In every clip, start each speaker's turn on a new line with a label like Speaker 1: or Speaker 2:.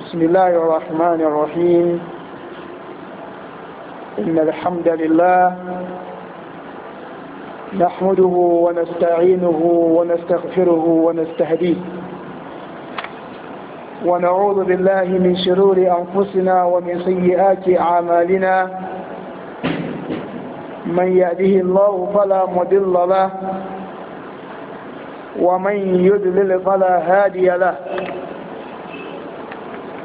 Speaker 1: بسم الله الرحمن الرحيم إن الحمد لله نحمده ونستعينه ونستغفره ونستهديه ونعوذ بالله من شرور أنفسنا ومن سيئات أعمالنا من يهده الله فلا مضل له ومن يضلل فلا هادي له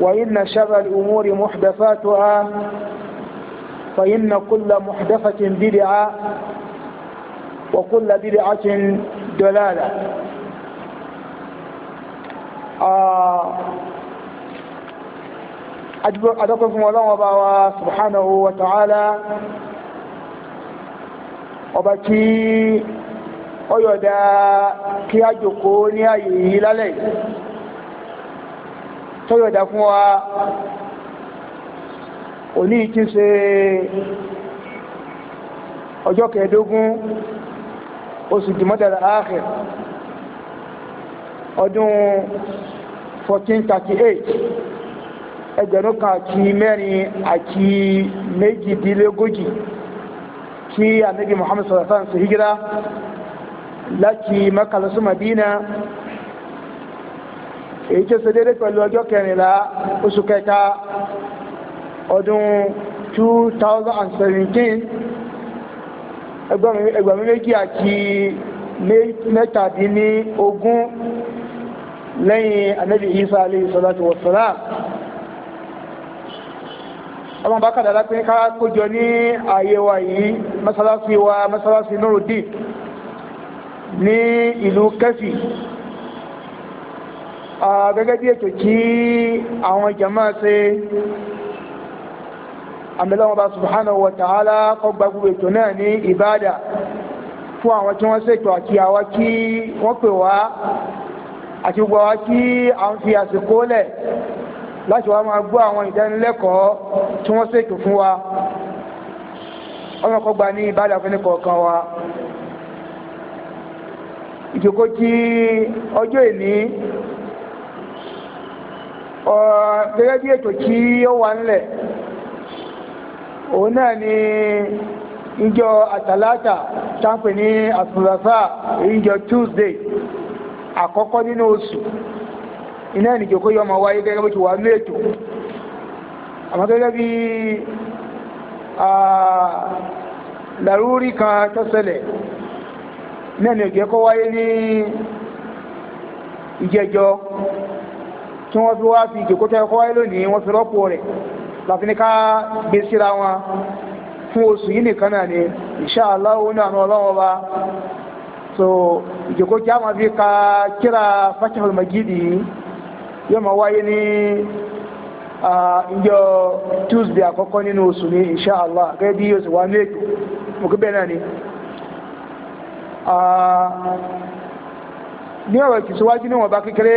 Speaker 1: وإن شر الأمور محدثاتها فإن كل محدثة بدعة وكل بدعة دلالة آه، أدعوكم الله وبعوا سبحانه وتعالى وبكي ويدا كي أيوة أجوكوني أيه لليه sọ́yọ̀dá fún wa òní tí ṣe ọjọ́ kẹẹ̀dógún oṣù dìmọ́tàlá ààrẹ ọdún 1438 ẹgbẹ̀rún kan àti mẹ́rin àti méjìdínlógójì tí ànábì Muhammad sallallahu alaihi wasallam ṣe hijira láti Mákà lọ sí Madina èyí tó ṣe déédéé pẹ̀lú ọjọ́ kẹrìnlá oṣù kẹta ọdún 2017 ẹgbẹ̀rún méjì àti mẹ́tàdínní ogún lẹ́yìn anabi isa alayhi salatu wa salam ọmọ bá kàdàlá pé ká kójọ ní ààyè wa yìí mọ́sálásí wa mọ́sálásí Nurudeen ní ìlú Kẹ́fì Ah, gẹ́gẹ́ bí ètò kí àwọn jama ṣe àmìlẹ́wọ̀n bá subhanahu wa ta'ala kó gba gbogbo ètò náà ní ìbáàdà fún àwọn tí wọ́n ṣètò àti àwa kí wọ́n pè wá àti gbogbo àwa kí à ń fi àsìkò lẹ̀ láti wá máa gbọ́ àwọn ìdánilẹ́kọ̀ọ́ tí wọ́n ṣètò fún wa ọlọ́kọ̀ gba ní ìbáàdà fún ẹnìkọ̀ọ̀kan wa ìjókòó tí ọjọ́ ìní gẹ́gẹ́ bí ètò tí ó wà ńlẹ̀ òun náà ni ìjọ àtàlátà táǹpè ní àtùlọ́sà ìjọ Tuesday àkọ́kọ́ nínú oṣù iná ìnìjòkó yọ ọmọ wáyé gẹ́gẹ́ bó ti wà ní ètò àmọ́ gẹ́gẹ́ bí làrúrí kan tó ṣẹlẹ̀ iná ìnìjòkó wáyé ní ìjẹjọ́ tí wọ́n fi wá fi ìjòkó tẹ́ ẹ̀kọ́ wáyé lónìí wọ́n fi rọ́pò rẹ̀ láti ní ká gbé síra wọn fún oṣù yìí nìkan náà ni insha Allah ní àná ọlọ́wọ́n wa so ìjòkó tí a máa fi ka kíra Fathul Majid yóò máa wáyé ní ìjọ Tuesday àkọ́kọ́ nínú oṣù ní insha Allah gẹ́gẹ́ bí oṣù wa ní ètò òkú bẹ́ẹ̀ náà ni ní ọ̀rọ̀ ìtìsíwájú níwọ̀nba kékeré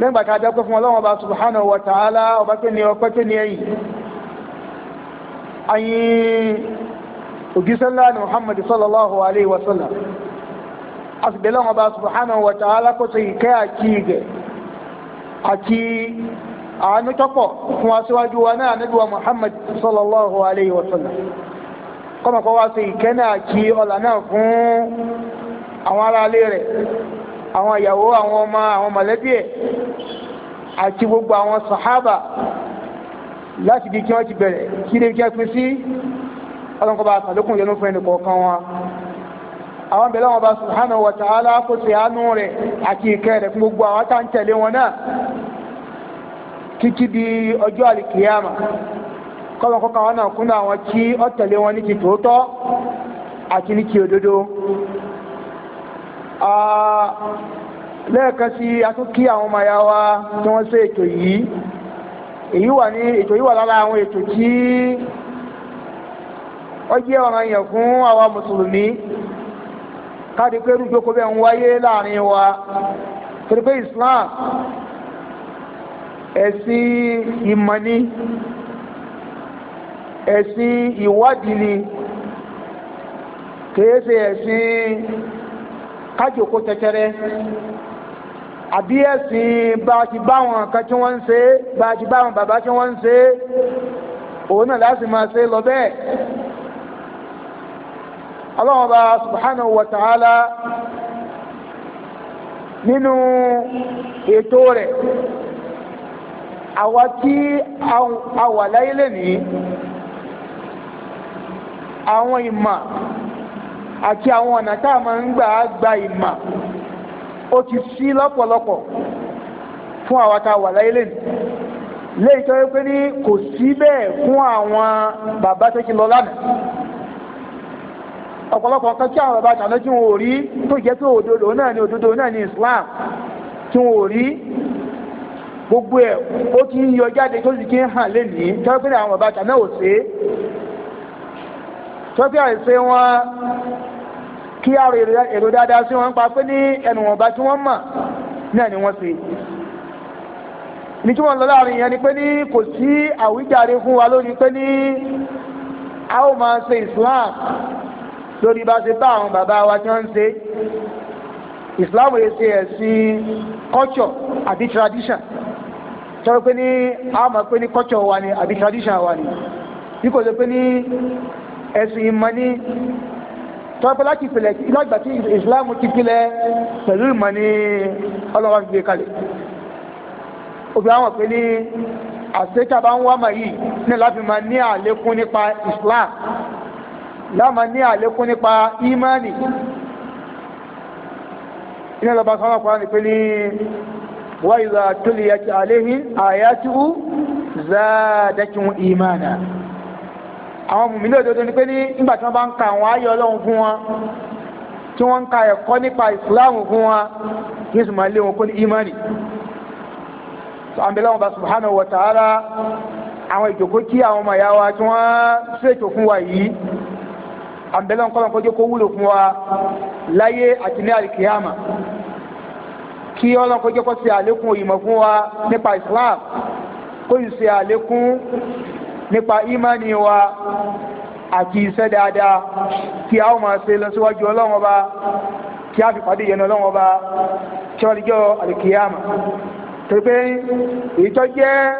Speaker 1: lẹ́gbà ká dẹ́pẹ́ fún ọlọ́wọ́n ọba subhanahu wa ta'ala ọba tó ní ọpẹ́ tó ní ẹ̀yìn ayin ògísẹ́lá ni muhammad sallallahu alayhi wa sallam a sì bẹ̀lẹ́ ọba subhanahu wa ta'ala kó sì kẹ́ àti ìgẹ̀ àti àánú tọ́pọ̀ fún aṣíwájú wa náà níbi wa muhammad sallallahu alayhi wa sallam kọ́mọ̀kọ́ wa sì kẹ́ náà kí ọlà náà fún àwọn aráalé rẹ̀ àwọn ìyàwó àwọn ọmọ àwọn mọ̀lẹ́bí ẹ̀ àti gbogbo àwọn sàhábà láti di kí wọ́n ti bẹ̀rẹ̀ kí lè jẹ́ pín sí ọlọ́nkọ́ bá sàlékún fún kọ̀ọ̀kan wọn àwọn bẹ̀rẹ̀ wọn bá àánú rẹ̀ gbogbo àwọn tá ń tẹ̀lé wọn náà títí di ọjọ́ àlìkìyàmà wọn náà ti tòótọ́ àti ní ti òdodo lẹ́ẹ̀kan sí a kí àwọn ọmọ wa tí wọ́n ṣe ètò yìí èyí wà ní ètò yìí wà lára àwọn ètò tí ó jẹ́ ọ̀ràn yẹn fún àwa mùsùlùmí káàdì pé irú kó bẹ́ẹ̀ ń wáyé láàrin wa torí pé Islam ẹ̀sìn ìmọ̀ ẹ̀sìn ìwádìí ni kájòkó tẹtẹrẹ àbí ẹ̀sìn bá a ti bá wọn kan tí wọ́n ń ṣe é bá a ti bá wọn bàbá tí wọ́n ń ṣe òun náà láti máa ṣe lọ bẹ́ẹ̀. ọlọ́run bá subhanahu wa ta'ala nínú ètò rẹ̀ àwa tí a wà láyé lẹ́nìí àwọn ìmọ̀ àti àwọn ọ̀nà tá a máa ń gbà á gba ìmà ó ti sí lọ́pọ̀lọpọ̀ fún àwa tá a wà láyé lẹ́nu léyìí tó yẹ pé ní kò sí bẹ́ẹ̀ fún àwọn bàbá tó ti lọ lánàá ọ̀pọ̀lọpọ̀ nǹkan tí àwọn bàbá àtàlọ́ tí wọn ò rí tó jẹ́ òdodo náà ni òdodo náà ni Islam tí wọn ò gbogbo ẹ̀ ó ti ń yọ jáde tó sì kí ń hàn lénìí tó yẹ pé àwọn bàbá àtàlọ́ ò kí àrò èrò dáadáa sí wọn pa pé ní ẹnu wọn bá tí wọn mọ náà ni wọn ṣe ní tí wọn lọ láàrin yẹn ni pé ní kò sí àwíjàre fún wa lórí pé ní a ó máa ṣe Islam lórí bá ṣe bá àwọn bàbá wa tí wọn ń ṣe Islam yìí ṣe ẹ̀sìn culture àbí tradition tọ́wọ́ pé ní a máa pé ní culture wa ni àbí tradition wa ni bí kò ṣe pé ní ẹ̀sìn ìmọ̀ ni tọ́pẹ́ láti ìpìlẹ̀ ìlàgbà tí ìsìláàmù ti kílẹ̀ pẹ̀lú ìmọ̀ ní ọlọ́wọ́ fi gbé kalẹ̀ obìnrin àwọn pé ní àṣetà bá ń wá mà yìí ní láti máa ní àlékún nípa islam láàmà ní àlékún nípa imani iná lọ́ba sọ́nà kọ́ra ní pé ní wáyé tó lè yẹ kí àléhìn àyátú záàdákùn imana àwọn mùmílẹ̀ òdodo ni pé ní nígbà tí wọ́n bá ń ka àwọn ayé ọlọ́run fún wọn tí wọ́n ń ka ẹ̀kọ́ nípa ìsìláàmù fún wọn yéṣù máa lé wọn kó ní ìmánì àmì lọ́wọ́n bá subhanahu wa ta'ala àwọn ìjòkó kí àwọn ọmọ ìyá wa tí wọ́n ṣètò fún wa yìí àmì lọ́wọ́n kọ́lọ́n kó kó wúlò fún wa láyé àti ní àlìkìyàmà kí ọlọ́run kó kó ṣe àlékún ìmọ̀ fún wa nípa Islam kó sì ṣe nípa ìmánì wa àti iṣẹ́ dáadáa tí a ó máa ṣe lọ síwájú ọlọ́run ọba kí a fi pàdé ìyẹn ọlọ́run ọba kí wọ́n lè jọ àlùkìyàmà torí pé èyí tó jẹ́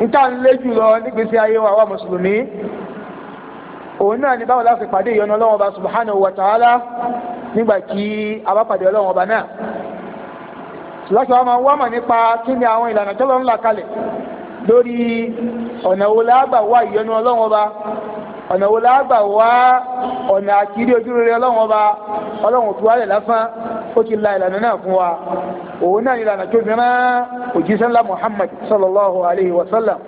Speaker 1: níta ń lé jùlọ nígbésí ayé wa wa mùsùlùmí òun náà ni báwo láti pàdé ìyẹn ọlọ́run ọba subhanahu wa ta'ala nígbà tí a bá pàdé ọlọ́run ọba náà láti wá máa wá mọ̀ nípa kí ni àwọn ìlànà tó lọ́n là kalẹ̀ lórí ọ̀nà wo la gbà wá ìyọnu ọlọ́run ọba ọ̀nà wo la gbà wá ọ̀nà àkìrí ojú rere ọlọ́run ọba ọlọ́run wálẹ̀ lásán ó ti la ìlànà náà fún wa òun náà ìlànà tó fi rán ńlá Muhammad sallallahu alayhi wa sallam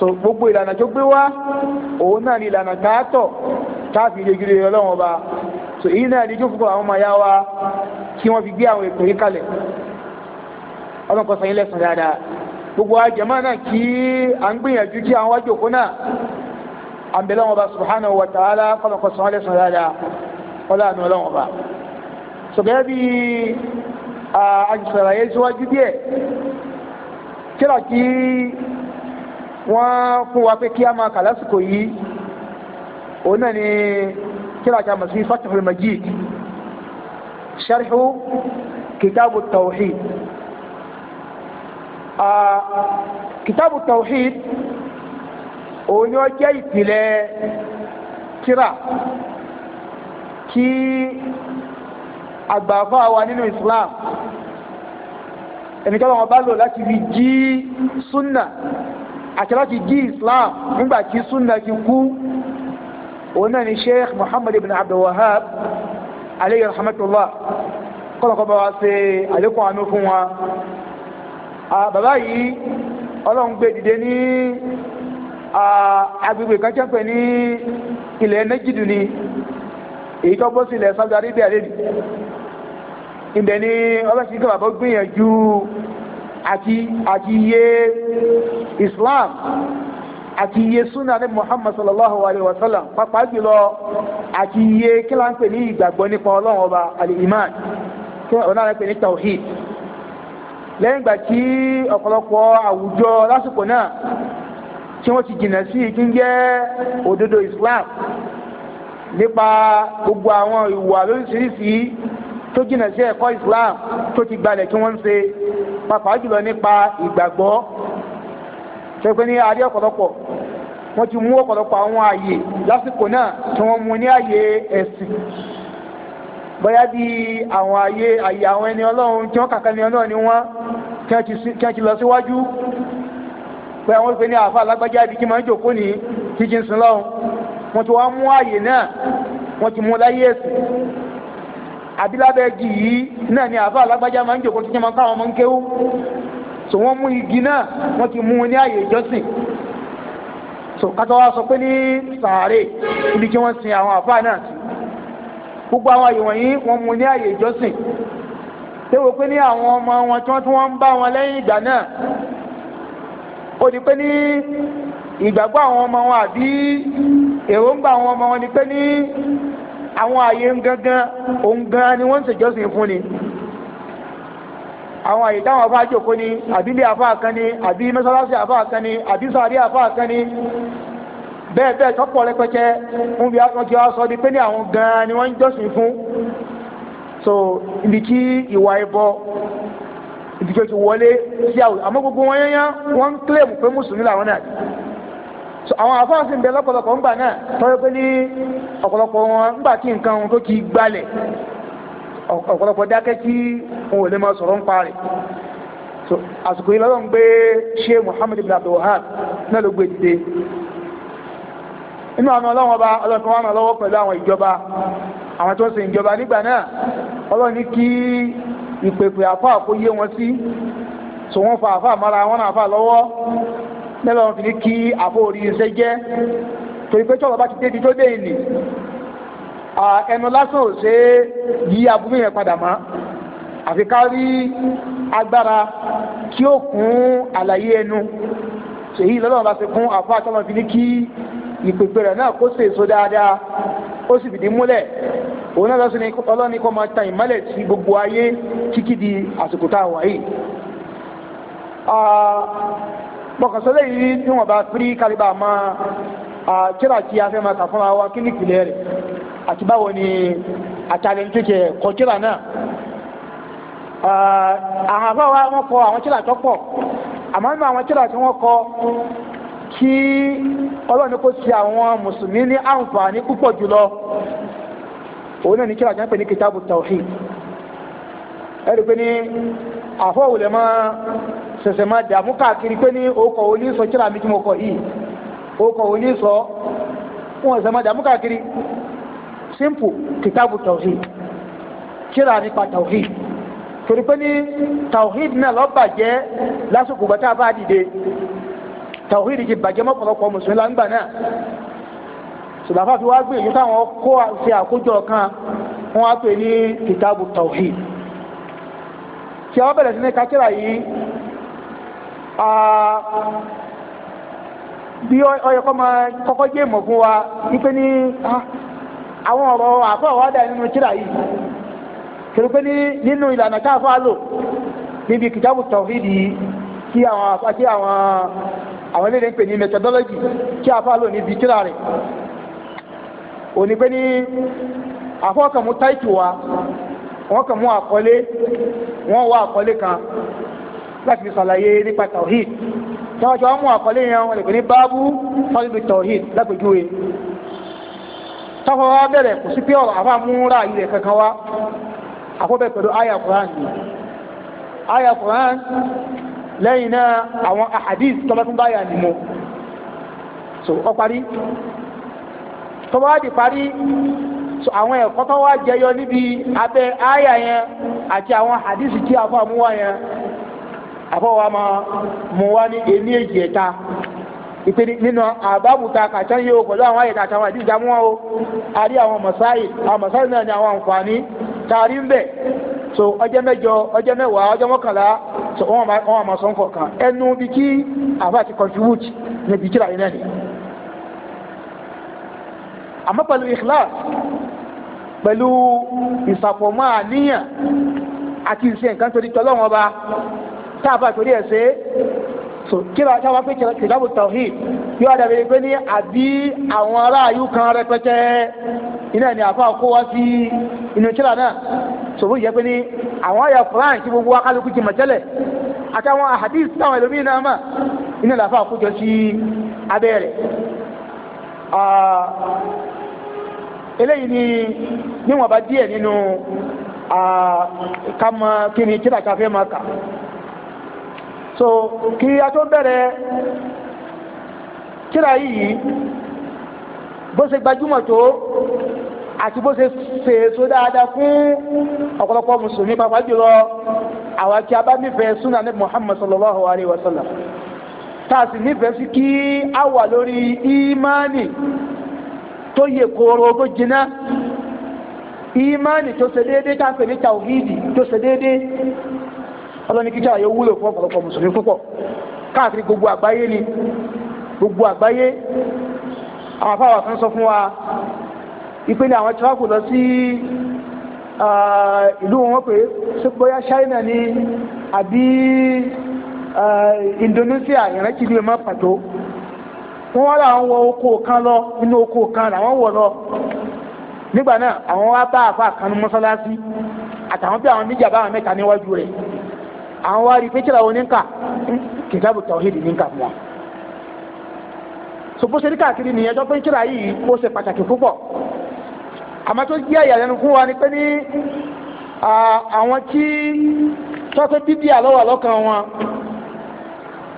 Speaker 1: so gbogbo ìlànà tó gbé wá òun náà ni ìlànà tààtọ̀ káàfi ìdíjúre ọlọ́run ọba so èyí náà ni jókòó àwọn ọmọ ya wa kí wọ́n fi gbé àwọn ètò yìí kalẹ̀ ọlọ́run kó san yín lẹ́san dáadáa gbogbo àjẹmọ́ náà kí à ń gbìyànjú kí àwọn wájú òkú náà àǹbẹ̀lẹ́ wọn bá subhanahu wa ta'ala ọlọ́run kó san yín lẹ́san dáadáa ọlọ́run ọlọ́run ọba. sọ̀gẹ́ bí àjùsọ̀ràyé síwájú díẹ̀ kíra kí wọ́n fún wa pé kí a máa kà lásìkò yìí òun náà ni kíra kí a mọ̀ sí Fathul Majid sharhu kitabu tawhid kìtàbù tawhid òun ni ó jẹ́ ìpìlẹ̀ kíra kí àgbààfà wa nínú Islam ẹni tọ́lọ́ wọn bá lò láti fi jí súnà àti láti jí Islam nígbà tí súnà ti kú òun náà ni Sheikh Muhammad ibn Abdul aleyhi rahmatullah kọ́lọ́kọ́ bá wa ṣe àlékún àánú fún wa. bàbá yìí ọlọ́run gbé dìde ní agbègbè kan jẹ́ pé ní ilẹ̀ nẹ́jìdù ni èyí tó bọ́ sí ilẹ̀ Saudi Arabia lẹ́nu ibẹ̀ ni ọlọ́run ti sábà Islam àti iye sunna ní Muhammad sallallahu alayhi wa sallam pàápàá jùlọ àti iye kíláńpẹ̀ ní ìgbàgbọ́ nípa ọlọ́run ọba al-iman kí wọ́n náà pè lẹ́yìn ìgbà tí ọ̀pọ̀lọpọ̀ àwùjọ lásìkò náà tí wọ́n ti jìnnà sí kí ń jẹ́ òdodo Islam nípa gbogbo àwọn ìwà lóríṣiríṣi tó jìnnà sí ẹ̀kọ́ Islam tó ti gbalẹ̀ kí wọ́n ń ṣe pàápàá jùlọ nípa ìgbàgbọ́ tó pé ní adé ọ̀pọ̀lọpọ̀ wọ́n ti mú ọ̀pọ̀lọpọ̀ àwọn àyè lásìkò náà tí wọ́n mú ní àyè ẹ̀sìn bóyá bí àwọn ayé àyè àwọn ẹni ọlọ́run tí wọ́n kàkà ní ọlọ́run ni wọ́n kí wọ́n ti lọ síwájú pé àwọn olùgbé ní àáfà alágbájá ibi kí máa ń jòkó ní kíkí ń sin lọ́run wọ́n ti wá mú àyè náà wọ́n ti mú láyé ẹ̀sìn àbílábẹ́ igi yìí náà ni àáfà alágbájá máa ń jòkó kíkí máa ń káwọn ọmọ ń kéwú so wọ́n mú igi náà wọ́n ti mú ní àyè ìjọsìn so kátó wá sọ pé ní sàárè ibi kí wọ́n sin àwọn àáfà náà sí gbogbo àwọn àyè wọ̀nyí wọ́n mú ní àyè ìjọsìn ṣé wo pé ní àwọn ọmọ wọn tí wọ́n tún wọ́n ń bá wọn lẹ́yìn ìgbà náà ó di pé ní ìgbàgbọ́ àwọn ọmọ wọn àbí èròǹgbà àwọn ọmọ wọn ni pé ní àwọn àyè gangan òun gan ni wọ́n ń ṣèjọsìn fún ni àwọn àyè táwọn afáàjòkó ni àbílẹ̀ afáà kan ni àbí mẹ́sàlásì afáà kan ni àbí sàárẹ̀ afáà kan ni bẹ́ẹ̀ bẹ́ẹ̀ tọ́pọ̀ rẹpẹtẹ ń bí wọ́n ti wá sọ di pé ní àwọn gan-an ni wọ́n ń jọ́sìn fún so ibi kí ìwà ẹbọ ibi kí o ti wọlé sí àwùjọ àmọ́ gbogbo wọn yẹn wọ́n ń claim pé mùsùlùmí làwọn náà so àwọn afáàsì ń bẹ lọ́pọ̀lọpọ̀ ńgbà náà tọ́jú pé ní ọ̀pọ̀lọpọ̀ wọn ńgbà tí nǹkan wọn tó ti gbalẹ̀ ọ̀pọ̀lọpọ̀ dákẹ́ tí wọn ò lè máa sọ̀rọ̀ ń parí so àsìkò yìí lọ́dọ̀ ń gbé ṣé Muhammad ibn Abdul Wahab náà ló gbé dìde inú àmì ọlọ́wọ́n ọba ọlọ́kan wà lọ́wọ́ pẹ̀lú àwọn ìjọba àwọn tó ń sin ìjọba nígbà náà ọlọ́run ní kí ìpèpè àfáà kó yé wọn sí so wọ́n fa àfáà mọ́ra wọn náà àfáà lọ́wọ́ mẹ́lẹ̀ wọn fi ní kí àfọ orí iṣẹ́ jẹ́ torí pé tọ́lọ́ bá ti débi tó dé ìní ẹnu lásán ò ṣe é yí aburú yẹn padà mọ́ àfi ká rí agbára kí ó kún àlàyé ẹnu ṣèyí lọ́lọ́run bá ṣe kún àfáà tọ́lọ́ fi ní kí ìpèpè rẹ̀ náà kó sè so dáadáa ó sì fìdí múlẹ̀ òun náà lọ́sìn ọlọ́ni kọ́ máa tan ìmọ́lẹ̀ sí gbogbo ayé kíkí di àsìkò tá a wà yìí. pọ̀kànsọ́lẹ̀ yìí tí wọ́n bá firi kálíbà máa kíra tí a fẹ́ máa kà fúnra wa kí ní ìpìlẹ̀ rẹ̀ àti báwo ni àtàlẹ́ tó jẹ kọ́ kíra náà. àwọn àbáwá wọn kọ àwọn kíra tó pọ̀ àmọ́ àwọn kíra tí wọ́n kọ kí ọlọ́run kó ṣe àwọn mùsùlùmí ní àǹfààní púpọ̀ jùlọ òun náà ní kí àjọ ń pè ní kitabu tawhid ẹ̀rù pé ní àfọ̀wùlẹ̀ máa ṣẹ̀ṣẹ̀ máa dààmú káàkiri pé ní okọ̀ òní sọ kíra mi tí mo kọ̀ yìí okọ̀ òní sọ wọn ṣẹ̀ṣẹ̀ máa dààmú káàkiri simple kitabu tawhid kíra nípa tawhid torí pé ní tawhid náà lọ́ọ́ bàjẹ́ lásìkò gbọ́tà bá dìde tàwíìdì ti bàjẹ́ mọ́pọ̀lọpọ̀ mùsùlùmí láńgbà náà sùlàfà fi wá gbé èyí táwọn kó ṣe àkójọ kan wọn á pè ní kìtàbù tàwíìd tí a wá bẹ̀rẹ̀ sí ní kakíra yìí bí ọyọ kọ́ máa kọ́kọ́ jẹ́ ìmọ̀ fún wa wípé ní àwọn ọ̀rọ̀ àfọ àwádà nínú kíra yìí kìrì pé ní nínú ìlànà káfá lò níbi kìtàbù tàwíìd yìí kí àwọn àti àwọn àwọn eléyìí ń pè ní methodology kí afa lò níbi tíra rẹ̀ òní pé ní àfọkànmú táìtì wa wọ́n kàn mú àkọlé wọ́n wá àkọlé kan láti fi ṣàlàyé nípa tawhid tí wọ́n ti wá mú àkọlé yẹn wọ́n lè pè ní báábú fọ́lùbí tawhid lápèjúwe táwọn wá bẹ̀rẹ̀ kò sí pé ọ̀rọ̀ àfa múra ilẹ̀ kankan wá àfọ́bẹ̀ pẹ̀lú àyà Quran ni àyà Quran lẹ́yìn náà àwọn ahadith tọ́bá tún báyà nìmú so ọ parí tọ́bá parí so àwọn ẹ̀kọ́ tó jẹyọ níbi abẹ́ àyà yẹn àti àwọn ahadith tí a fọ́ àmúwá yẹn àfọwọ́ máa mú wá ní èmi èjì ẹ̀ta ìpè nínú àbábùta pẹ̀lú àwọn àyẹ̀dá àtàwọn o a rí àwọn mọ̀sáì àwọn mọ̀sáì náà ń bẹ̀ so ọjọ́ so wọn wà máa sọ nǹkan kan ẹnu bí kí àbá ti contribute níbi kíra yìí náà ni àmọ́ pẹ̀lú ikhlas pẹ̀lú ìsàfọ̀mọ́ àníyàn àti ìṣe nǹkan torí tọ́lọ́wọ́n ọba tá a bá torí ẹ̀ ṣe so kíra táwa pé kìlábù tawhid tí wàá dàbí pé ní àbí àwọn aráàlú kan rẹpẹtẹ iná ni àfa kó wá sí inú tíra náà sòwò yẹ pé ní àwọn àyà Quran tí gbogbo akálukú ti mọ̀ tẹ́lẹ̀ àtàwọn ahadith táwọn ẹlòmíín náà mà iná làfa kójọ sí abẹ́ eléyìí ni níwọ̀n bá díẹ̀ nínú ká mọ kí ni tíra káfẹ́ máa kà so kí a tó bẹ̀rẹ̀ tíra yìí bó ṣe gbajúmọ̀ tó àti bó ṣe fèèso dáadáa fún ọ̀pọ̀lọpọ̀ mùsùlùmí pàápàá jùlọ àwọn akí abánífẹ̀ẹ́ súnà ní Muhammad sallallahu alayhi wa sallam tààsì nífẹ̀ẹ́ sí kí a wà lórí ìmánì tó yẹ kóró tó jiná ìmánì tó ṣe déédéé tá ní tó ṣe déédéé ọlọ́ni kíkẹ́ àyẹ̀wò wúlò fún ọ̀pọ̀lọpọ̀ mùsùlùmí púpọ̀ káàkiri gbogbo gbogbo àgbáyé àwọn afáwà kan sọ fún wa ipe ni àwọn tíwáàpù lọ sí ìlú wọn pé bóyá China ni àbí Indonesia ìrántí bí mọ pàtó wọn wá làwọn wọ oko kan lọ inú oko kan làwọn wọ lọ nígbà náà àwọn wá bá àfa kanu mọ́sálásí àtàwọn bí àwọn méjì àbáwọn mẹ́ta níwájú rẹ̀ àwọn wá rí pé kíláà oníkà kìtàbù tàwíìdì níkà fún wa. Sopo ṣe ní káàkiri nìyẹn tó pé kíra yìí ó ṣe pàtàkì púpọ̀ àmọ́ tó jẹ́ àyàlẹ́nu fún wa ni pé ní àwọn tí tọ́pẹ́ bíbí àlọ́wà lọ́kàn wọn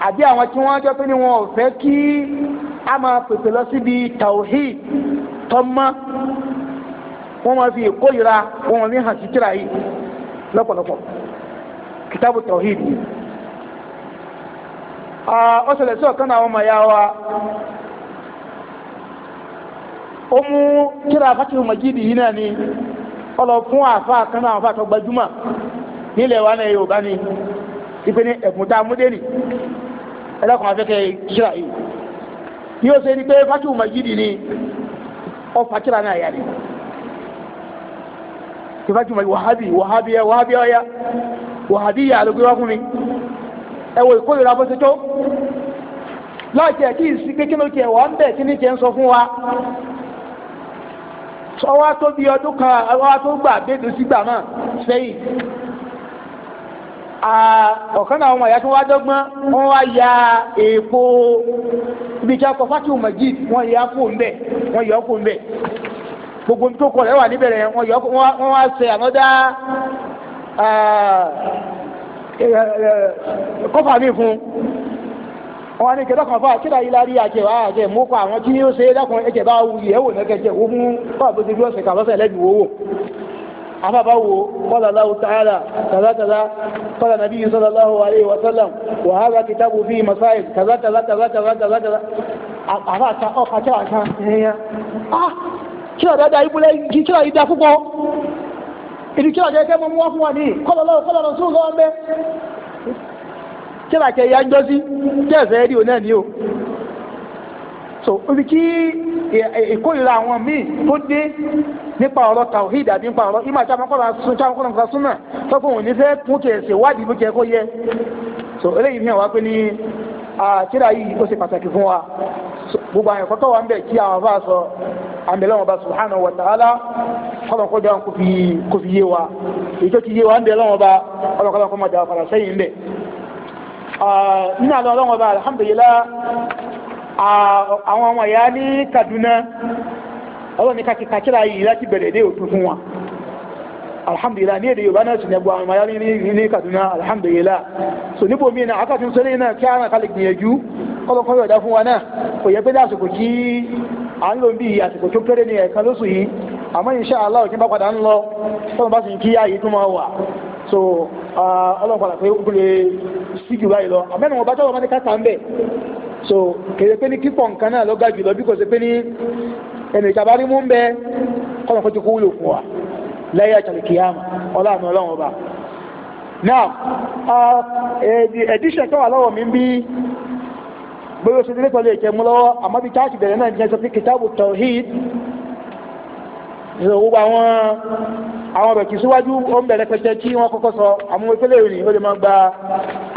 Speaker 1: àbí àwọn tí wọ́n jọ pé ní wọn ò fẹ́ kí a máa pèpè lọ síbi tawhid tọ́mọ́ wọ́n máa fi ìkórira wọn ní hàn sí kíra yìí lọ́pọ̀lọpọ̀ kìtàbù tawhid yìí. ọ̀sẹ̀lẹ̀ sí ọ̀kan náà wọ́n máa yá wa. ó mú kíra fatihu magidi yìí náà ni ọlọ fún wa náà ni ìpè ní ẹ̀kún tá a mú dénì ẹlẹ́kùn afẹ́kẹ́ kíra yìí yóò ṣe ni pé fatihu magidi ni ọfà kíra náà yà ni wàhábì wàhábì ẹ wàhábì wàhábì yà ló gbé wá fún mi ẹ wo bó ṣe tó láti kí kí ló wà ń kí ń sọ fún wa. ọwọ́ tó bí ọdún kan ọwọ́ tó gbà gbèdú sígbà náà sẹ́yìn ọ̀kan náà ọmọ ìyá tó wá dọ́gbọ́n wọ́n wá ya èèpo ibi tí a kọ fákìwù majid wọ́n yọ kó ń bẹ̀ wọ́n yọ kó ń bẹ̀ gbogbo tó kọ̀ lẹ́wà níbẹ̀rẹ̀ wọ́n yọ wọ́n wá ṣe ànọ́dá kọ́fà mi fún un. wọn ní kí lọ́kàn fún àkídà yìí lárí àjẹ wàá àjẹ mú kọ àwọn tí yóò ṣe é dákun ẹ̀jẹ̀ bá wù yẹ̀ wò lẹ́kẹ̀jẹ̀ wò mú bá àbúrò bí ọ̀sẹ̀ kàbọ̀sẹ̀ lẹ́bi wò wò. afábá wo qala Allahu ta'ala kaza kaza alayhi wa sallam wa hadha kitabu fihi masáyid kaza kaza kaza kaza kaza kaza. àbá ta ọkà tí a ah kí ọ̀dà da ibùlẹ̀ kí kí ọ̀dà púpọ̀ ìdí kí ọ̀dà tíra kẹ ya ń jọ sí tí ẹ̀fẹ́ rí o náà ní o so ibi kí ìkórìíra àwọn míì tó dé nípa ọ̀rọ̀ tawhid àbí nípa ọ̀rọ̀ ìmọ̀ àti amakọ́ra sunna sunna tó fún òun ní fẹ́ mú kí ẹ̀sìn wádìí mú kí ẹ kó yẹ so eléyìí fi hàn wá pé ní tíra yìí ó ṣe pàtàkì fún wa gbogbo àwọn ẹ̀kọ́ tó wà ń bẹ̀ kí àwọn bá sọ àmìlẹ́ wọn bá subhanahu wa ta'ala kọ́mọ kọjá kò fi yé wa èyí tó ti yé wa ń bẹ̀ lọ́wọ́ bá ọlọ́kọ́lọ́kọ́ máa dà Eh, nínú àná ọlọ́wọ́n bá alhamdulillah àwọn ọmọ ìyá ní Kaduna ọlọ́ni kàkìkàkìrà yìí láti bẹ̀rẹ̀ dé òtún fún wa alhamdulillah ní èdè yorùbá náà sì nẹ́gbọ́ àwọn ìyá ní Kaduna alhamdulillah so níbo mi náà akátún sọ́lé náà kí ara kalẹ̀ gbìyànjú kọ́lọ́kọ́lọ́ ọ̀dá fún wa náà kò yẹ pé lásìkò kí a ń lò bí àsìkò tó péré ní ẹ̀ka lóṣù yìí àmọ́ insha Allah òkè bá padà ń lọ tọ́nà bá sì ń kí ààyè tó máa wà so Ah, ọlọ́pàá pé ó lè wáyé lọ àmẹ́nu ọba tọ́wọ́ máa ní ń bẹ̀ so kèrè pé ní kíkọ̀ nǹkan náà lọ́gà jùlọ bí kò sí pé ní ẹnì ìjàmbá rí mú ń bẹ kọ́nà fún ti kú wúlò fún wa láyé àtàlùkìyàmù ọlọ́run ọlọ́run ọba now edition tó wà lọ́wọ́ mi ń bí gbogbo ṣe délé pẹ̀lú ìkẹ́mú lọ́wọ́ àmọ́ bí táàkì bẹ̀rẹ̀ náà jẹ́ sọ ìrọ̀wọ́ àwọn àwọn ọ̀rọ̀ kì í síwájú ó ń bẹ̀rẹ̀ pẹ̀tẹ́ tí wọ́n kọ́kọ́ sọ àwọn ìpínlẹ̀ ìrìn ó lè máa gba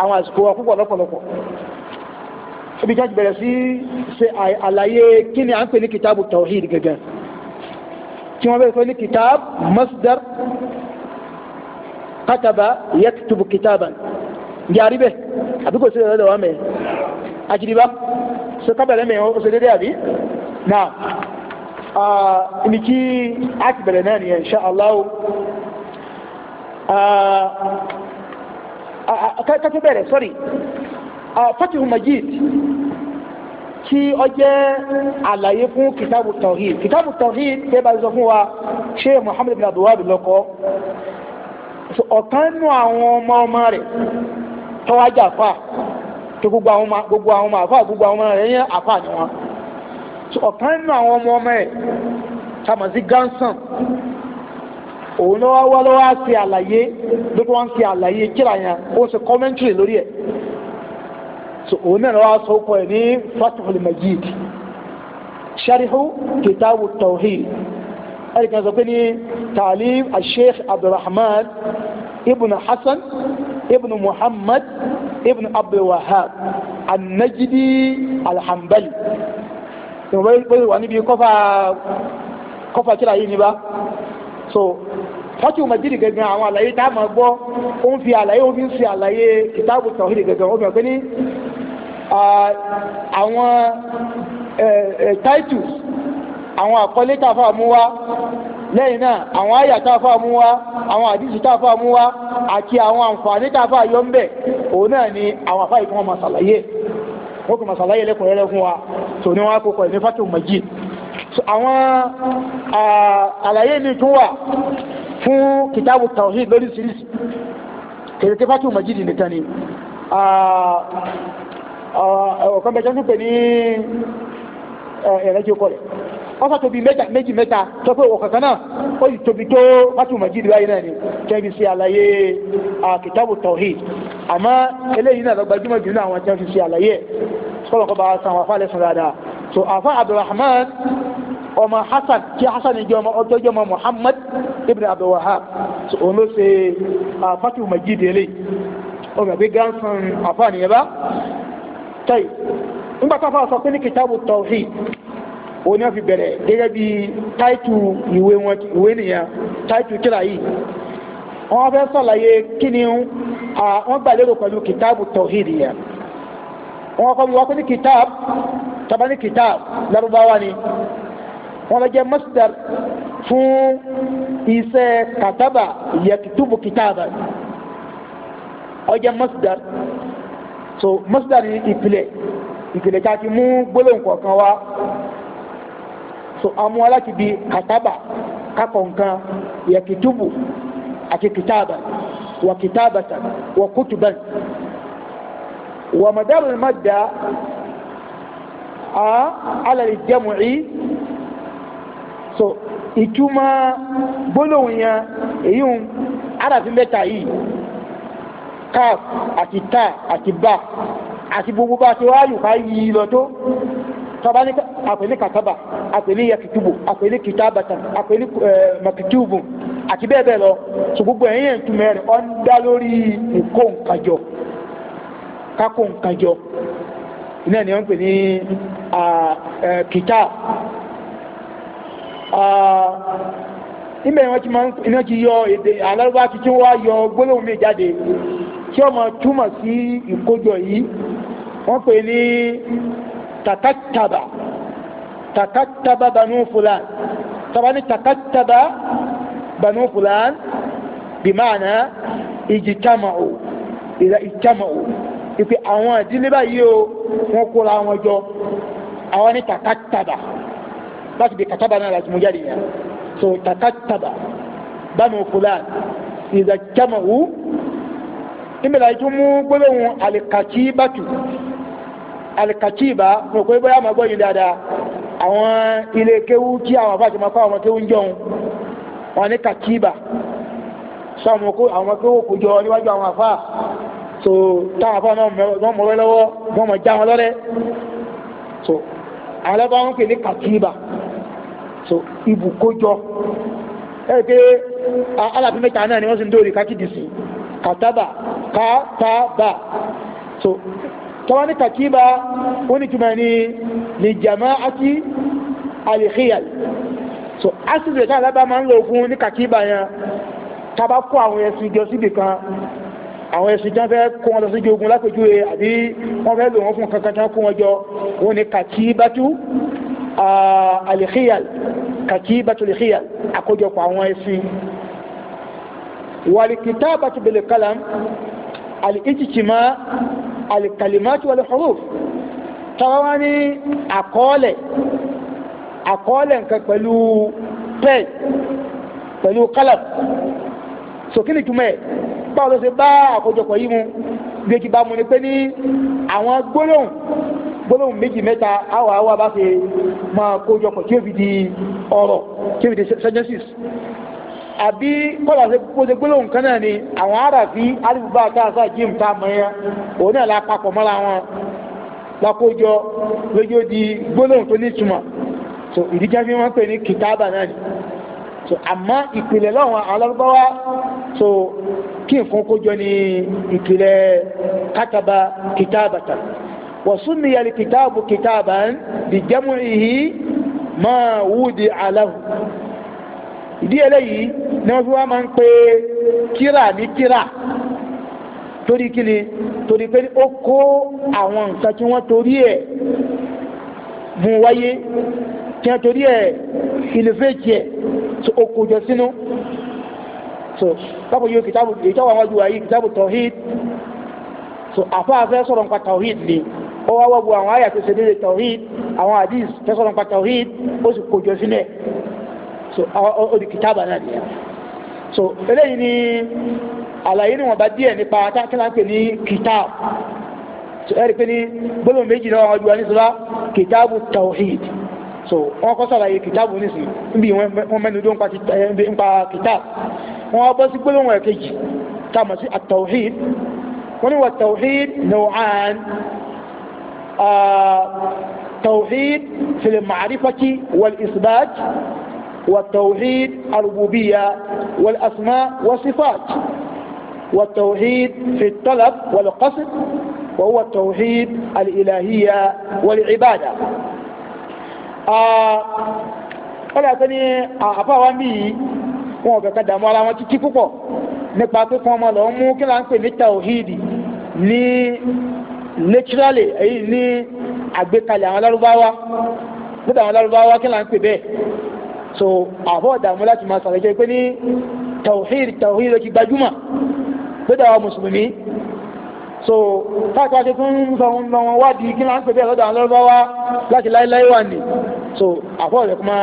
Speaker 1: àwọn àsìkò wọn púpọ̀ lọ́pọ̀lọpọ̀ ibi jáde bẹ̀rẹ̀ sí ṣe àlàyé kí ni à ń pè ní kìtàbù tawhid gẹ́gẹ́ tí wọ́n bẹ̀rẹ̀ sọ ní kìtàb masdar kataba yaktubu kitaban yàrí bẹ́ẹ̀ àbí kò sí ọ̀rọ̀ lọ́wọ́ mẹ́ àjìdíbá ṣe kábẹ̀rẹ̀ mẹ́ ó ṣe dédé àbí náà Ah, ibi kí a ti bẹ̀rẹ̀ náà nìyẹn insha Allah ah, ah, kátó bẹ̀rẹ̀ sọ́rí Fatihu Majid kí ọ jẹ́ àlàyé fún kitabu tawhid kitabu tawhid tẹ́ bá sọ fún wa ṣe muhammed bin abdulwahab lọ́kọ́ ọ̀kan nù àwọn ọmọ ọmọ rẹ̀ tọ́wájà àfà tó gbogbo àwọn ọmọ àfà gbogbo àwọn ọmọ rẹ̀ yẹn àfà ni wọn ọ̀kan nínú àwọn ọmọ ọmọ ẹ̀ tàmọ̀ sí gansan òun ló wá wá ló wá ṣe àlàyé ló wá ń ṣe àlàyé kíra yẹn ó ṣe commentary lórí ẹ̀ òun náà wá sọ pọ̀ ní fatihul majid sharihu kitabu tawhid ẹ̀rì kan sọ pé ní taalim asheikh abdulrahman ibn hasan ibn muhammad ibn abdulwahab annajidi alhambali so bóyá wà níbi kọ́fà kọ́fà kíra yìí níbà so fọ́tí o màjírí gẹ́gẹ́ àwọn àlàyé tá a máa gbọ́ ó ń fi àlàyé ó fi ń fi àlàyé kìtàbù tàwíìdì gẹ́gẹ́ ó bẹ̀rẹ̀ pé ní àwọn titles àwọn àkọlé tá a fà mú wá lẹ́yìn náà àwọn àyà tá a fà mú wá àwọn àdìsí tá a fà mú wá àti àwọn àǹfààní tá a fà yọ ń bẹ̀ òun náà ni àwọn àfáà yìí kí wọ́n máa ṣàlàyé wọ́n so ní wọ́n kókọ̀ ní fatu majid so àwọn àlàyé mi tún wà fún kitabu tawhid lórí sírísì kèrèké fatu majid nìkan ni ọ̀kan bẹ̀jọ́ tó pè ní ẹ̀rẹ́jì kọlẹ̀ wọ́n sá tóbi méjì mẹ́ta tó pé ọ̀kankan náà ó sì tóbi tó fatu majid báyìí náà ni kẹ́bi sí àlàyé kitabu tawhid àmọ́ eléyìí náà lọ gbajúmọ̀ jù náà àwọn tí fi ṣe àlàyé sọ́lọ̀ kọ́ bá san wà fáà lẹ́sùn dáadáa so àfa abdulrahman ọmọ hasan kí hasan jẹ́ ọmọ ọjọ́ jẹ́ ọmọ muhammad ibn abdulwahab so òun ló ṣe àfàtì majid eléyìí ọmọ ẹgbẹ́ gánsan àfa nìyẹn bá tẹ́yì nígbà tó àfa sọ pé ní kìtàbù tawhid òun náà fi bẹ̀rẹ̀ gẹ́gẹ́ bí táìtù ìwé wọn ìwé nìyẹn táìtù kíra yìí wọ́n fẹ́ sọ̀làyé kí ni wọ́n gbà pẹ̀lú kìtàbù tawhid yẹn wọn kọ́ wọ́n kọ́ ní kitab tọ́ba ní kitab Lárúbáwá ni wọ́n lọ jẹ́ masdar fún iṣẹ́ kataba yaktubu kitaba ó jẹ́ masdar so masdar ni ipile ìpìlẹ̀ tá a ti mú gbólóhùn kọ̀ọ̀kan wá so amú aláti bi kataba kakọ̀ nǹkan yaktubu àti kitaba wa kitabatan wa kutuban. ومدار المادة على الجمع so ìtumọ̀ gbólóhùn yẹn èyí ń aráàfin mẹ́ta yìí káf àti tá àti bá àti gbogbo bá ti wáyù ká yí lọ tó tọba ní àpèlé kàtàbà àpèlé yakitubu àpèlé kìtàbàtà àpèlé makitubu àti bẹ́ẹ̀ bẹ́ẹ̀ lọ so gbogbo ẹ̀yìn ìtumọ̀ rẹ̀ ọ̀ ń dá lórí kákó nǹkan jọ iná ni wọ́n ń pè ní kìtà níbẹ̀ wọ́n ti máa iná ti yọ èdè alárúbá ti tí wọ́n yọ gbólóhùn mi jáde tí ọmọ túmọ̀ sí ìkójọ yìí wọ́n pè ní tàkàtàbà tàkàtàbà banú fulan tàbá ní tàkàtàbà banú fulan bí máa ná ìjìtàmà ò ìjìtàmà ò ìpè àwọn ìdílé báyìí o wọ́n kóra wọn jọ àwọn ní kàkàtàbà láti bí kàkàtàbà náà láti mú jáde yẹn so kàkàtàbà bánu fulan ìzàkẹ́mọ̀wú ìmìlà ìtún mú gbólóhùn alikakibatu alikakiba mo pé bóyá máa gbọ́ yìí dáadáa àwọn ilé kéwú kí àwọn afáàtì máa fọ àwọn kéwú ń jọun wọn ní kakiba sọ àwọn kéwú kò jọ níwájú àwọn afáà so táwọn afọ náà wọ́n mọ̀ wẹ́ lọ́wọ́ wọ́n mọ̀ já wọn lọ́rẹ́ so àwọn lọ́ba wọn pè ní kàtíbà so ibùkójọ ẹ pé alábí mẹ́ta náà ni wọ́n sì ń dóòrì kákìdì sí kàtábà so tọ́wọ́n ní kàtíbà ó ní túmọ̀ ní ní jama'ati alìkíyàl so asìsì rẹ̀ táwọn lọ́ba máa ń lò fún ní kàtíbà yẹn tábà kó àwọn ẹ̀sìn ìjọ síbì kan àwọn ẹ̀sìn tí wọ́n fẹ́ kó wọn lọ sí jogun lápèjúwe àbí wọ́n fẹ́ lò wọ́n fún kankan tí wọ́n kó wọn jọ wọ́n ní kàkíbátú alìkíyàl kàkíbátú alìkíyàl àkójọpọ̀ àwọn ẹ̀sìn wàlìkìtàbátú bil kalam alìkìtìmá alìkàlìmátú wal huruf tọ́wọ́ wọn ní àkọọ́lẹ̀ àkọọ́lẹ̀ nǹkan pẹ̀lú pẹ́ẹ̀ pẹ̀lú kálàm sókè nìtúmọ̀ ẹ̀ báwo ló ṣe bá àkójọpọ̀ yìí mu bí o ti bá mu ni pé ní àwọn gbólóhùn gbólóhùn méjì mẹ́ta àwọn àwọn bá ṣe máa kójọpọ̀ tí ó fi di ọ̀rọ̀ tí ó fi di sentences àbí kọ́lá ṣe kóso gbólóhùn kan náà ni àwọn aráàfí alùpùpù àtàṣà jim tá a mọ̀ yẹn òun náà la papọ̀ mọ́ra wọn lakójọ lójó di gbólóhùn tó ní ìtumọ̀ so ìdíjà fi wọn pè ní kìtàbà náà ni so àmọ́ ìpìlẹ̀ lọ́wọ́ àwọn alárúbáwá so kí nǹkan kójọ ní ìpìlẹ̀ kátàbà kìtàbàtà wàsúnni yàrá kìtàbù kìtàbà bí jẹ́mu ìhí máa wúdi aláhùn ìdí eléyìí ni wọ́n fi wá máa ń pe kíra ní kíra torí kí ni torí pé ó kó àwọn nǹkan tí wọ́n torí ẹ̀ mú wáyé tí wọ́n torí ẹ̀ ìlúfẹ́ jẹ́ ó kó jọ sínú so kápò yóò kìtàbù ìjọba wájú ayé kìtàbù tawhid so àfáàfẹ́ sọ̀rọ̀ nípa tawhid ni ó wá wọ́gbọ́ àwọn àyà tó ṣe déédé tawhid àwọn hadith tó sọ̀rọ̀ nípa tawhid ó sì kójọ sílẹ̀ so ó di kìtàbà náà nìyà so eléyìí ni àlàyé ni wọn bá díẹ̀ nípa tákìláńpẹ̀ ní kìtàbù so ẹ̀rí pé ní gbólóhùn méjì náà wọn ju wa ní sọ́lá kìtàbù tawhid so wọ́n kọ́ sàlàyé kìtàbù nísìnyí níbi wọ́n mẹ́nu tó ń pa kìtàbù wọ́n bọ́ sí gbólóhùn ẹ̀kejì tá a mọ̀ sí àtọ̀hìd wọ́n ní wà tọ̀hìd nùcán tọ̀hìd fìlẹ̀ màrífàkì wọ́n ìsìbáàj والتوحيد الربوبية والأسماء والصفات والتوحيد في الطلب والقصد وهو التوحيد الإلهية والعبادة ó dàtọ́ ní àfáwa mí yìí wọn ò kẹ̀kẹ́ dààmú ara wọn títí púpọ̀ nípa pé kí wọ́n máa lọ mú kí là ń pè ní tawhid ní naturally èyí ní àgbékalẹ̀ àwọn alárúbáwá nígbà àwọn alárúbáwá kí là ń pè bẹ́ẹ̀ so àfọ́ ìdààmú láti máa sàrẹ́jẹ́ pé ní tawhid tawhid ló ti gbajúmọ̀ gbọ́dọ̀ mùsùlùmí so káàkiri àti fún sọ̀rọ̀ lọ wọn wádìí kí láń pèbí ẹ̀lọ́dọ̀ àwọn lọ́wọ́ wá láti láíláí wà ní so àfọ́ rẹ̀ kúmọ́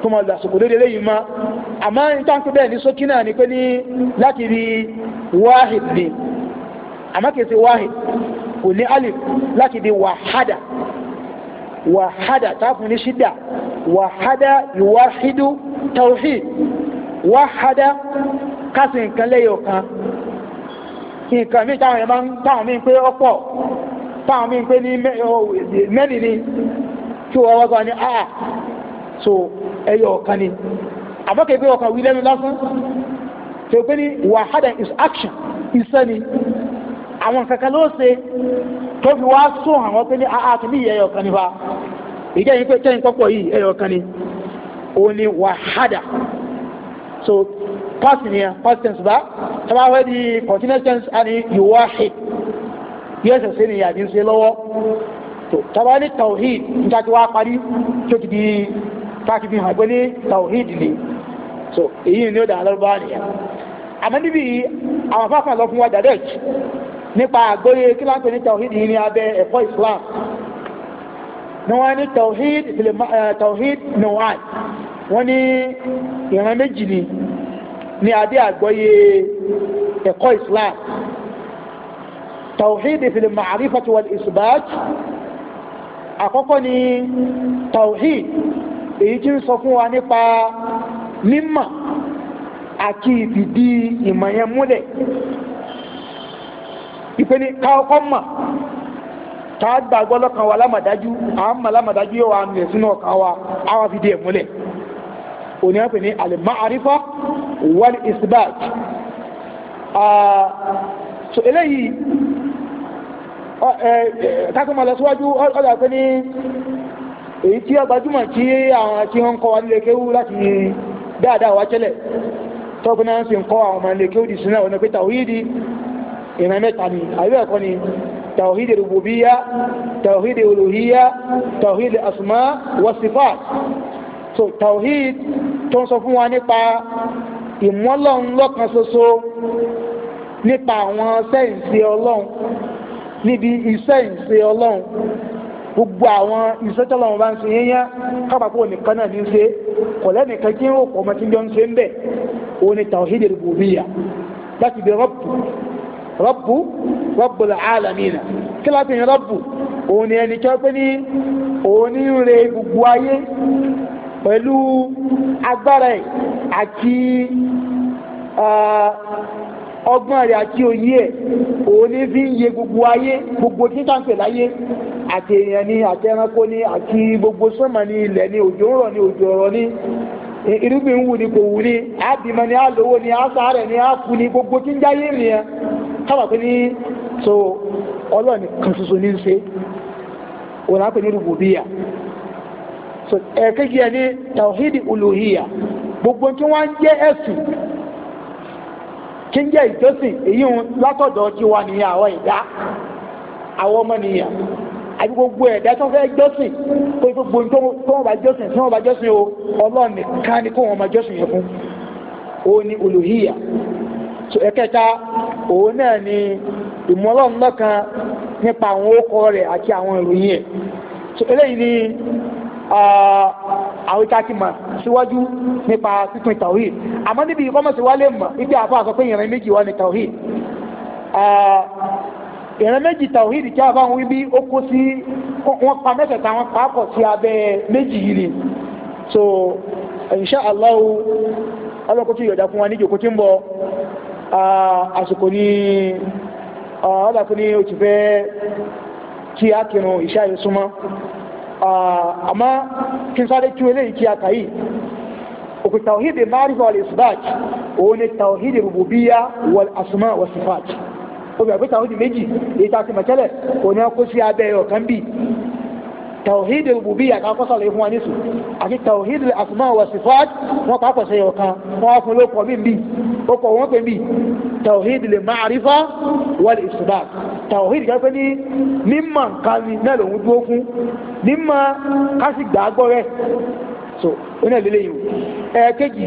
Speaker 1: kúmọ́ lásìkò lórí eléyìí má àmọ́ níta ń pèbí ẹ̀ ní sókí náà ni pé ní láti rí wáhìd ni àmọ́ kìí ṣe wáhìd kò ní alif láti di wàhádà wàhádà táàkùn ní ṣídà wàhádà ìwáhídú tawhid wàhádà kásìn kan lẹ́yọ̀ kan nǹkan mi táwọn yẹn máa ń táwọn mi pé ọ̀pọ̀ táwọn mi pé ní mẹ́rin ni tí wọ́n wá gba ni ah, ah so ẹyọ ọ̀kan ni àbọ̀kẹ́ pé ọkàn wí lẹ́nu lásán tí o pé ní wàhádà is action iṣẹ́ ni àwọn kankan ló ṣe tó fi wá sún àwọn pé ní àá ah, ah, kìíní ẹyọ kan ní fa ìjẹ́ yìí pé kẹ́yìn pọ́pọ̀ yìí ẹyọ kan ni ó ní wàhádà so past nìyẹn past tense bá tó bá wẹ́ di continuous tense á ní ìwọ́ ṣe yóò ṣe ṣe nìyẹn àbí ń ṣe lọ́wọ́ tó bá ní tawhid níta tí wàá parí tó ti di táàkì fi hàn pé ní tawhid ni so èyí ni ó dà lọ́rùbá nìyẹn àmọ́ níbi àwọn afáfà lọ fún wa direct nípa àgbóyè kí láti ní tawhid yìí ní abẹ́ ẹ̀kọ́ Islam ni wọ́n ní tawhid eh, tawhid ní adé àgbọ́yé ẹ̀kọ́ islam tawhid fil ma'rifati wal isbat àkọ́kọ́ ni tawhid èyí tí ń sọ fún wa nípa mímọ̀ àti ìfìdí ìmọ̀ yẹn múlẹ̀ ìpele káwọ́kọ́ mọ̀ ká gbàgbọ́ lọ́kàn wa lámàdájú àwọn mọ̀ lámàdájú yóò wà mìíràn sínú ọkàn wa àwọn fìdí ẹ̀ múlẹ̀ òní wọ́n pè ní al-ma'arifa wal-isbat so eléyìí kákan máa lọ síwájú ọ̀dà pé ní èyí tí ó gbajúmọ̀ tí àwọn tí wọ́n ń kọ́ wọn nílé kéwú láti dáadáa wá tẹ́lẹ̀ tọ́gbọ́n náà sì ń kọ́ àwọn ọmọ ilé di sinú ọ̀nà pé tàwíìdì ìran mẹ́ta ni àbí ẹ̀kọ́ ni tàwíìdì rububiyya tàwíìdì uluhiyya tàwíìdì asma wa so tàwíìdì tó ń sọ fún wa nípa ìmọ́lọ́run lọ́kan ṣoṣo nípa àwọn sẹ́yìnsì ọlọ́run níbi ìsẹ́yìnsì ọlọ́run gbogbo àwọn ìsẹ́tọ́lọ́run bá ń ṣe yẹ́yẹ́ kápákó nìkan náà ní í ṣe kò lẹ́nìkan kí ń rò pọ̀ mọ́ tí ń jọ ń ṣe ń bẹ̀ òun ni tawhid rububiyya láti bí rọ́pù rọ́pù rọ́pù làálàmínà kí láti yìn rọ́pù òun ni ẹnì kí wọ́n pé ní òun ní ń re gbogbo ayé pẹ̀lú agbára ẹ̀ àti ọgbọ́n rẹ̀ àti òye ẹ̀ òun ní fi ń ye gbogbo ayé gbogbo títàǹpẹ̀ láyé àti èèyàn ni àti ẹranko ni àti gbogbo sọ́mà ní ilẹ̀ ní òjò ń rọ̀ ni òjò ọ̀rọ̀ ni irúgbìn ń wù ni kò wù ni àbímọ ni àlówó ni àsàárẹ̀ ni ni gbogbo tí ń jáyé so kan ṣoṣo so ẹ̀ẹ̀kejì ẹ̀ ní tawhidi uluhiya gbogbo kí ìjọsìn èyí ń látọ̀dọ̀ tí wà àwọn ìdá gbogbo tó fẹ́ gbogbo bá tí bá o nìkan ni kó yẹn fún uluhiya so òun náà ni ìmọ̀lọ́run nípa àwọn rẹ̀ àti àwọn ìròyìn so eléyìí ni Ah, àwọn ìta ti mọ̀ síwájú nípa pípín tawhid àmọ́ níbi ìkọ́mọ̀sí wálé mọ̀ ibi àfọ àsọ pé ìran méjì wà ní tawhid ah, ìran méjì tawhid tí a bá ń wí bí ó kó sí wọn pa mẹ́tẹ̀ẹ̀ta wọn pàápọ̀ sí abẹ́ méjì yìí ni so insha Allah ọlọ́kọ̀ tí yọ̀dá fún wa ní ìjòkó tí ń bọ̀ ah, àsìkò ní ọ̀dà tó ní òtù fẹ́ kí á kírun ìṣá yìí súnmọ́ ama kí n sáré tú eléyìí kí a marifa wal-isbat òun ni tawhid rububiyya wal-asma wa sifat obìnrin àgbẹ̀ tawhid méjì èyí tá a ti mọ̀ tẹ́lẹ̀ òun ni wọ́n kó sí abẹ́ ọ̀kan bíi توحيد الربوبيه كان فصل يفوان يسو اكي توحيد الاسماء والصفات مو كاكو سيو كان مو فلو كو بي بي او كو وان بي توحيد المعرفه والاثبات tàwọ̀hídì kan pé ní mímọ̀ nǹkan ni náà lòun dúró fún mímọ̀ kásì gbàgbọ́ rẹ̀ so oní ẹ̀lẹ́lẹ́ yìí ẹ̀ẹ́kejì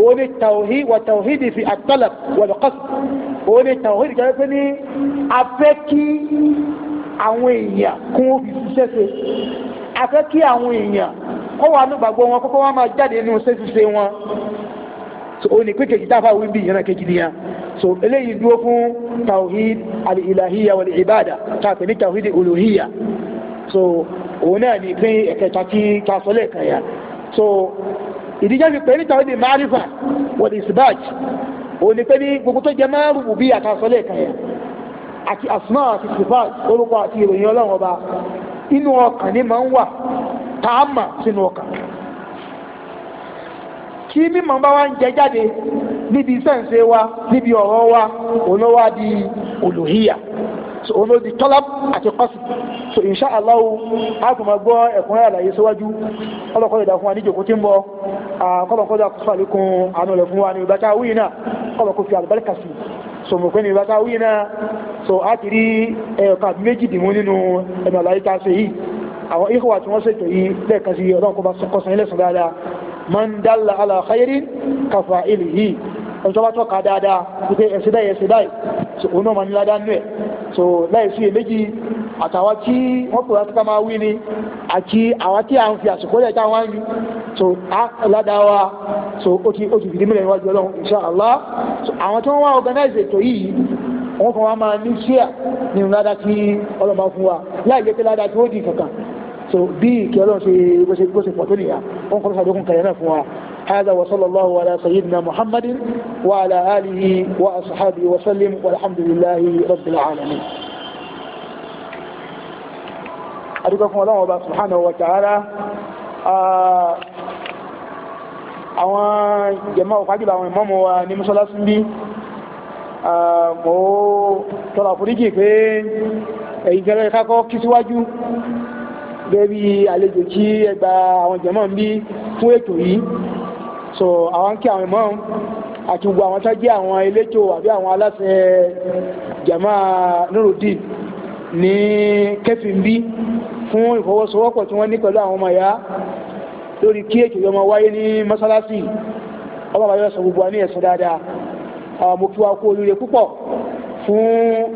Speaker 1: òun ni tàwọ̀hí wà tàwọ̀hídì fi àtàlà wà lọ́kọ́sù òun ni tàwọ̀hídì kan pé ní afẹ́ kí àwọn èèyàn kún ó fi ṣiṣẹ́ ṣe afẹ́ kí àwọn èèyàn kọ́ wà ní gbàgbọ́ wọn kọ́kọ́ wọn máa jáde nínú ṣe ṣiṣẹ́ wọn so òun ni pé kejì dáfà wí bí ìyẹn náà kejì nìyẹn so eléyìí dúró fún tawhid al-ilahiyya wal ibada tàbí ní tawhid uluhiyya so òun náà ní pín ẹ̀kẹta tí kásọ̀lẹ̀ kan yà so ìdíjẹ́ fi pé ní tawhid ma'rifa wal isbat òun ni pé ní gbogbo tó jẹ máa rúbù bí àkásọ̀lẹ̀ kan yà àti asma àti sifat orúkọ àti ìròyìn ọlọ́run ọba inú ọkàn ni máa ń wà táàmà sínú ọkàn tí mímọ̀ bá wá ń jẹ jáde níbi sẹ́ǹsẹ̀ wa níbi ọ̀rọ̀ wa òun ló wá di olùhíyà òun ló di tọ́lápù àti kọ́sì so insha Allah a kò máa gbọ́ ẹ̀kúnrẹ́ àlàyé síwájú ọlọ́kọ́ ìdá fún wa níjòkó tí ń bọ̀ kọ́lọ́kọ́ dà kúfà lékun àánú rẹ̀ fún wa ní ìbátá wíì náà kọ́lọ́kọ́ fi àlùbáríkà sí so mo fẹ́ ní ìbátá wíì náà so a ti rí ẹ̀ka méjì dìmú nínú ẹ̀nà àlàyé tá a ṣe yìí àwọn ìhùwà tí wọ́n ṣètò yìí lẹ́ẹ̀kan sí ọlọ́run kó bá sọkọ́sán ilẹ̀sùn dáadáa man dalla ala khairin kafa ilihi ẹjọ́ bá tọ́ka dáadáa wípé ẹ̀sì báyìí ẹ̀sì báyìí so òun náà ma ní ládá nú ẹ̀ so láì sí èméjì àtàwà tí wọ́n pè wá sípá máa wí ni àti àwa tí à ń fi àsìkò lẹ́ta wá ń so á ládá wa so ó ti ó ti fìdí mílẹ̀ níwájú ọlọ́run insha Allah so àwọn tí wọ́n organize ètò yìí wọ́n kàn wá máa ní ṣíà nínú ládá tí ọlọ́run bá fún wa láì jẹ́ pé ládá tí ó di kankan so bí ìkẹ́ ọlọ́run ṣe bó ṣe bó ṣe pọ̀ tó nìyà ó kọ́ sàdókùn kẹ̀yẹ́ náà fún wa هذا وصلى الله على سيدنا محمد وعلى آله وأصحابه وسلم والحمد لله رب العالمين adúgbò fún ọlọ́wọ́ bá subhanahu wa ta'ala àwọn jẹmọ́ òfàjìbà àwọn ìmọ́mọ̀ wa ní mọ́sálásí bí mọ́ tọ́lá fúrígì pé èyí jẹ́rẹ́ kákọ́ kí síwájú gẹ́gẹ́ bí àlejò tí ẹ gba àwọn jẹ̀mọ́ ń bí fún ètò yìí so àwọn kí àwọn ìmọ̀ àti gbogbo àwọn tó jẹ́ àwọn elétò àbí àwọn aláṣẹ jẹ̀mọ́ Nurudeen ní kẹfìn bí fún ìfọwọ́sowọ́pọ̀ tí wọ́n ní pẹ̀lú àwọn ọmọ ìyá lórí kí ètò yọmọ wáyé ní mọ́sálásì ọmọ bàbá yọ̀sọ̀ gbogbo àní ẹ̀sọ́ dáadáa mo kí wa kú olúre púpọ̀ fún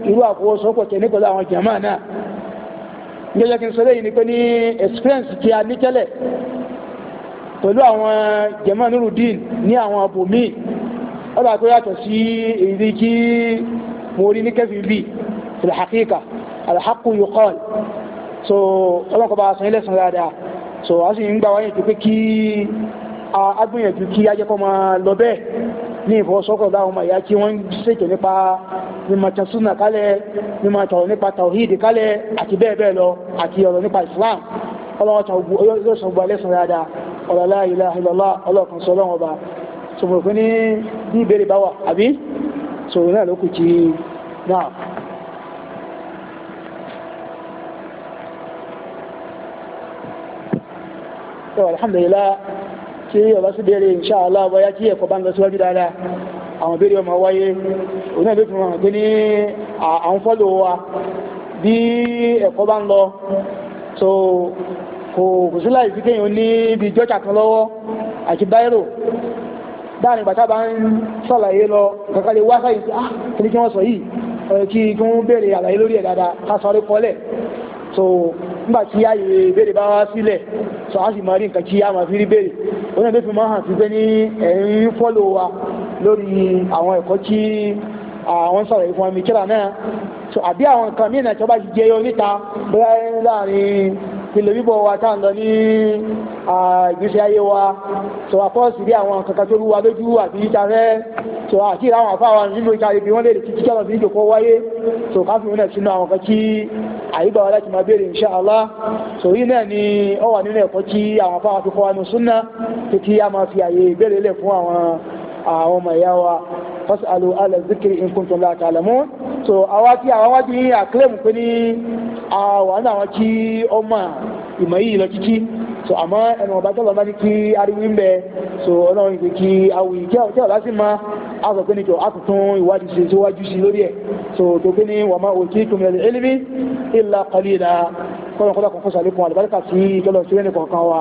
Speaker 1: irú àfọwọ́sowọ́pọ̀ tẹ̀ ní pẹ̀lú àwọn jẹ̀mọ́ náà jẹ́jẹ́ kí n sọ lẹ́yìn ni pé ní experience tí a ní tẹ́lẹ̀ pẹ̀lú àwọn jẹ̀mọ́ rudin ní àwọn abomi, ọba tó yàtọ̀ sí èyí kí mo rí ní kẹfì bíi filhakika alhaku yukol so ọlọ́kọ̀ bá san ilẹ̀ san dáadáa so a sì ń gbà wáyé pé kí a gbìyànjú kí ajẹ́kọ́ máa lọ bẹ́ẹ̀ ní ìfọwọ́sọ́kọ̀ láwọn ọmọ ìyá kí wọ́n ṣètò nípa mímọ̀tàn súnà kálẹ̀ mímọ̀tàn ọ̀rọ̀ nípa tàwíìdì kálẹ̀ àti bẹ́ẹ̀ bẹ́ẹ̀ lọ àti ọ̀rọ̀ nípa Islam ọlọ́wọ́ta ọgbọ̀ ẹlẹ́sìn dáadáa ọ̀rọ̀ la ilaha illallah ọlọ́kan sọ lọ́wọ́ ọba sọ̀rọ̀ fún ní bí ìbéèrè bá wà àbí sọ̀rọ̀ náà ló kù kí náà alhamdulillah kí ọ̀rọ̀ sí bèèrè insha Allah bọ́yá kí ẹ̀kọ́ bá ń lọ síwájú dáadáa àwọn ìbéèrè ọmọ wáyé òun náà ló fi hàn pé ní à ń fọ́lò wa bí ẹ̀kọ́ bá ń lọ so kò kò sí láì fi kéèyàn ní ibi jọ́jà kan lọ́wọ́ àti báírò dáàrin bàtà bá ń sọ̀làyé lọ kankan lè wá sáyé sí ah kí ni kí wọ́n sọ yìí kí kí wọ́n béèrè àlàyé lórí ẹ̀ dáadáa ká sọrí kọ́lẹ̀ so nígbà tí ààyè ìbéèrè bá wá sílẹ̀ so a sì máa rí nǹkan kí a máa fi rí béèrè ó náà ló fi máa hàn sí pé ní ẹ̀rín fọ́lò wa lórí àwọn ẹ̀kọ́ tí àwọn sọ̀rọ̀ ìfún ẹ̀mí kíra náà so àbí àwọn nǹkan mí ìnàjọba ti jẹyọ níta bóyá láàrin ilé bíbọ̀ wa tá ń lọ ní ìgbésí ayé wa so àfọ́sì rí àwọn kankan tó rúwa lójú àti ìta rẹ̀ so àti ìrà àwọn afáwa nínú ìta ibi wọ́n lè rí títí kẹ́lọ̀ sí ìjòkó wáyé so ká fún ìrìnà sínú àwọn kan kí àyíbà wa láti máa béèrè insha Allah so yìí náà ni ó wà nínú ẹ̀kọ́ tí àwọn afáwa fi kọ́ wa nù súnà títí a máa fi àyè ìbéèrè lẹ̀ fún àwọn àwọn ọmọ ìyá wa fasalu ala zikiri in kuntum la ta'lamun so awati tí a wájú yín àkílẹ̀mù pé ní àwọn náà wọn kí ọmọ so àmọ́ ẹnu ọba tó lọ bá ní kí so ọlọ́run ìpè kí awo yìí kí ọ̀la sì máa a sọ pé ní jọ a tuntun ìwádìí ṣe síwájú sí lórí ẹ̀ so tó pé ní wàá máa òkè tó mìíràn ilmi illa qalila kọ́lọ́kọ́lọ́ kọ́kọ́ sàlékún àlùbáríkà sí ìjọlọ sílẹ̀ nìkan kan wa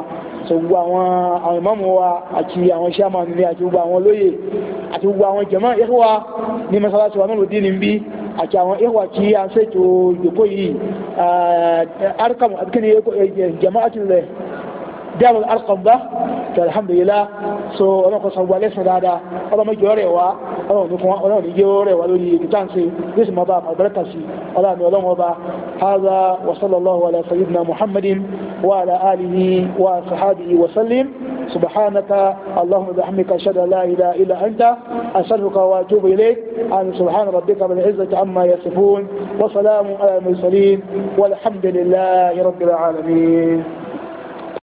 Speaker 1: so gbogbo àwọn àwọn ìmáàmù wa àti àwọn sàmánù ní àti gbogbo àwọn olóyè àti gbogbo àwọn jàmá ìhùwà ní mọ́sálásí wa mẹ́lòdì ní bí àti àwọn ìhùwà tí a ń ṣètò ìjókòó yìí arkam àti kí ni jàmá àti ilẹ̀ دار الأرقم ده الحمد لله سو أنا قصة هو ليس هذا ما جوري وا أنا نكون أنا نجوري ولا لي تانسي ما بقى بركة شيء الله ما لهم هذا وصلى الله على سيدنا محمد وعلى آله وصحبه وسلم سبحانك اللهم بحمدك أشهد لا إله إلا أنت أسألك وأتوب إليك أن سبحان ربك بالعزة عما يصفون وسلام على المرسلين والحمد لله رب العالمين